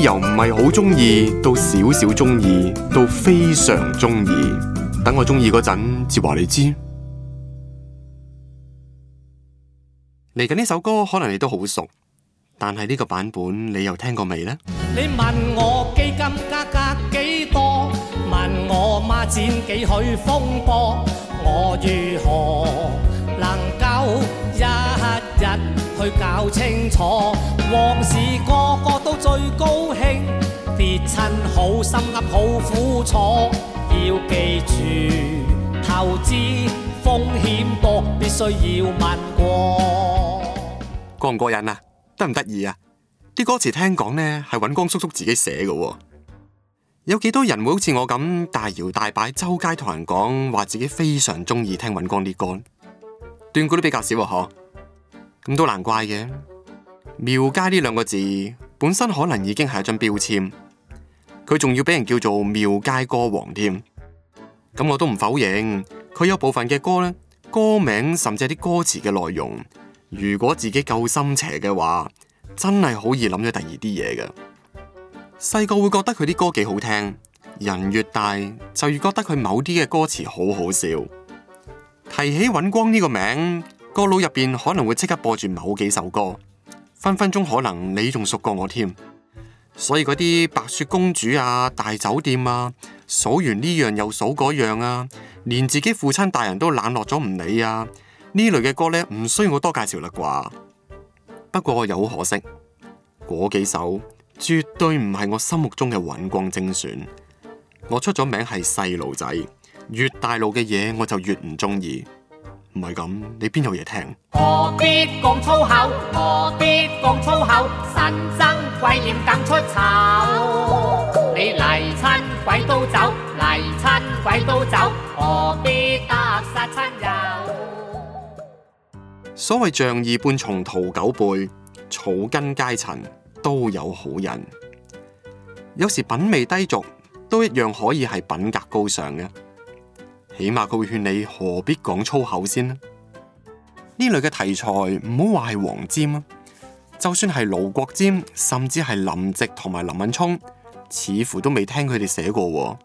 由唔係好中意到少少中意到非常中意，等我中意陣，至話你知。嚟緊呢首歌可能你都好熟，但係呢個版本你又聽過未咧？你問我基金價格幾多？問我孖展幾許風波？我如何能夠一日去搞清楚往事？好心急，好苦楚，要記住投資風險多，必須要問過。過唔過癮啊？得唔得意啊？啲歌詞聽講呢係尹光叔叔自己寫嘅。哦，有幾多人會好似我咁大搖大擺周街同人講話自己非常中意聽尹光啲歌？斷估都比較少嗬。啊，咁都難怪嘅。廟街呢兩個字本身可能已經係一張標籤。佢仲要俾人叫做廟街歌王添，咁我都唔否認，佢有部分嘅歌呢，歌名甚至係啲歌詞嘅內容，如果自己夠心邪嘅話，真係好易諗咗第二啲嘢嘅。細個會覺得佢啲歌幾好聽，人越大就越覺得佢某啲嘅歌詞好好笑。提起尹光呢個名，個腦入邊可能會即刻播住某幾首歌，分分鐘可能你仲熟過我添。所以嗰啲白雪公主啊、大酒店啊，數完呢樣又數嗰樣啊，連自己父親大人都冷落咗唔理啊，呢類嘅歌咧，唔需要我多介紹啦啩。不過又好可惜，嗰幾首絕對唔係我心目中嘅閃光精選。我出咗名係細路仔，越大路嘅嘢，我就越唔中意。唔係咁，你邊有嘢聽？何必講粗口？何必講粗口？神憎鬼厭更出醜。你嚟親鬼都走，嚟親鬼都走，何必得殺親友？所謂仗義半從屠狗輩，草根階層都有好人，有時品味低俗都一樣可以係品格高尚嘅。起碼佢會勸你何必講粗口先呢？呢類嘅題材唔好話係黃霑啊，就算係盧國沾，甚至係林夕同埋林敏聰，似乎都未聽佢哋寫過。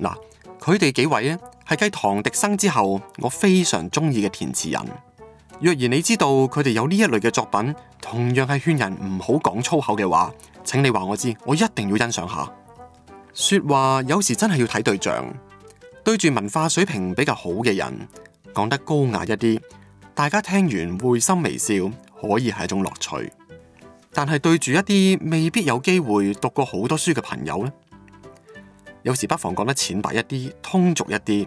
嗱，佢哋幾位啊，係繼唐滌生之後，我非常中意嘅填詞人。若然你知道佢哋有呢一類嘅作品，同樣係勸人唔好講粗口嘅話，請你話我知，我一定要欣賞下。說話有時真係要睇對象。對住文化水平比較好嘅人，講得高雅一啲，大家聽完會心微笑，可以係一種樂趣。但係對住一啲未必有機會讀過好多書嘅朋友呢，有時不妨講得淺白一啲，通俗一啲，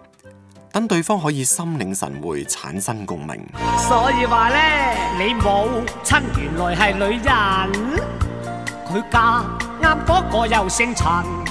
等對方可以心領神會，產生共鳴。所以話呢，你母親原來係女人，佢嫁啱嗰個又姓陳。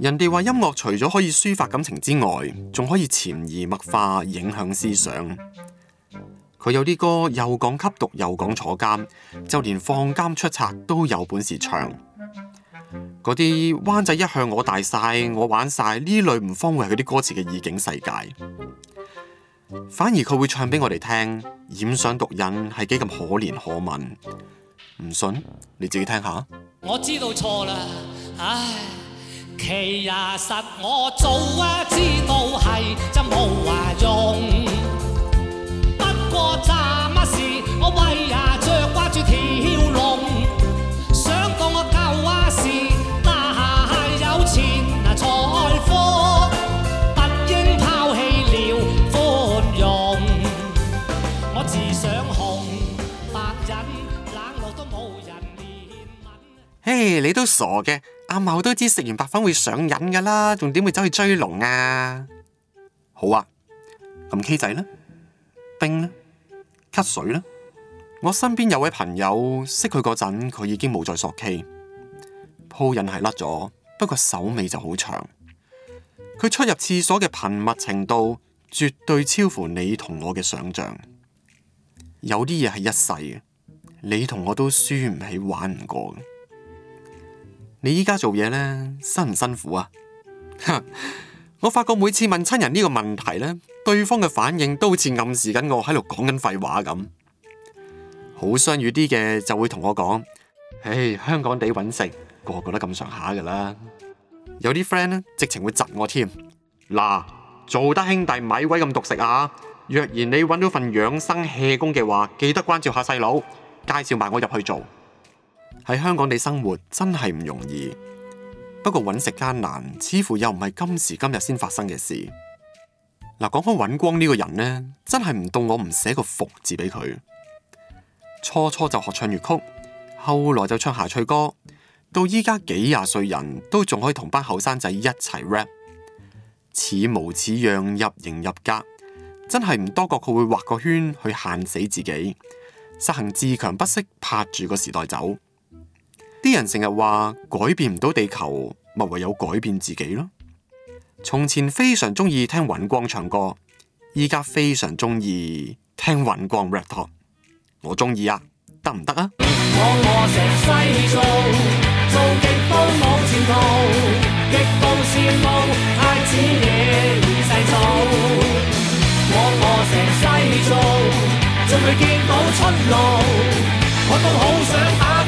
人哋話音樂除咗可以抒發感情之外，仲可以潛移默化影響思想。佢有啲歌又講吸毒又講坐監，就連放監出冊都有本事唱。嗰啲灣仔一向我大晒，我玩晒呢類唔方圍嗰啲歌詞嘅意境世界，反而佢會唱俾我哋聽，染上毒癮係幾咁可憐可憫。唔信，你自己聽下。我知道錯啦，唉。其實我早知道係真冇話用，不過咋嘛事，我為呀着掛住條龍，想講我舊時大廈有錢那財富，不應拋棄了寬容，我自想紅，白忍冷落都冇人憐憫。嘿，你都傻嘅。阿茂、啊、都知食完白粉會上癮噶啦，仲點會走去追龍啊？好啊，咁 K 仔呢？冰呢？咳水呢？我身邊有位朋友，識佢嗰陣佢已經冇再索 K，鋪癮係甩咗，不過手尾就好長。佢出入廁所嘅頻密程度絕對超乎你同我嘅想象。有啲嘢係一世嘅，你同我都輸唔起，玩唔過。你依家做嘢咧，辛唔辛苦啊？哼，我發覺每次問親人呢個問題咧，對方嘅反應都好似暗示緊我喺度講緊廢話咁。好相遇啲嘅就會同我講：「唉，香港地揾食個個都咁上下㗎啦。有啲 friend 咧，直情會窒我添。嗱，做得兄弟咪鬼咁獨食啊！若然你揾到份養生氣功嘅話，記得關照下細佬，介紹埋我入去做。喺香港地生活真係唔容易，不過揾食艱難似乎又唔係今時今日先發生嘅事嗱。講開揾光呢個人呢，真係唔到我唔寫個「服」字俾佢。初初就學唱粵曲，後來就唱夏翠歌，到依家幾廿歲人都仲可以同班後生仔一齊 rap，似模似樣入型入格，真係唔多覺佢會畫個圈去限死自己，實行自強不息，拍住個時代走。啲人成日話改變唔到地球，咪唯有改變自己咯。從前非常中意聽尹光唱歌，依家非常中意聽尹光 rap talk。我中意啊，得唔得啊？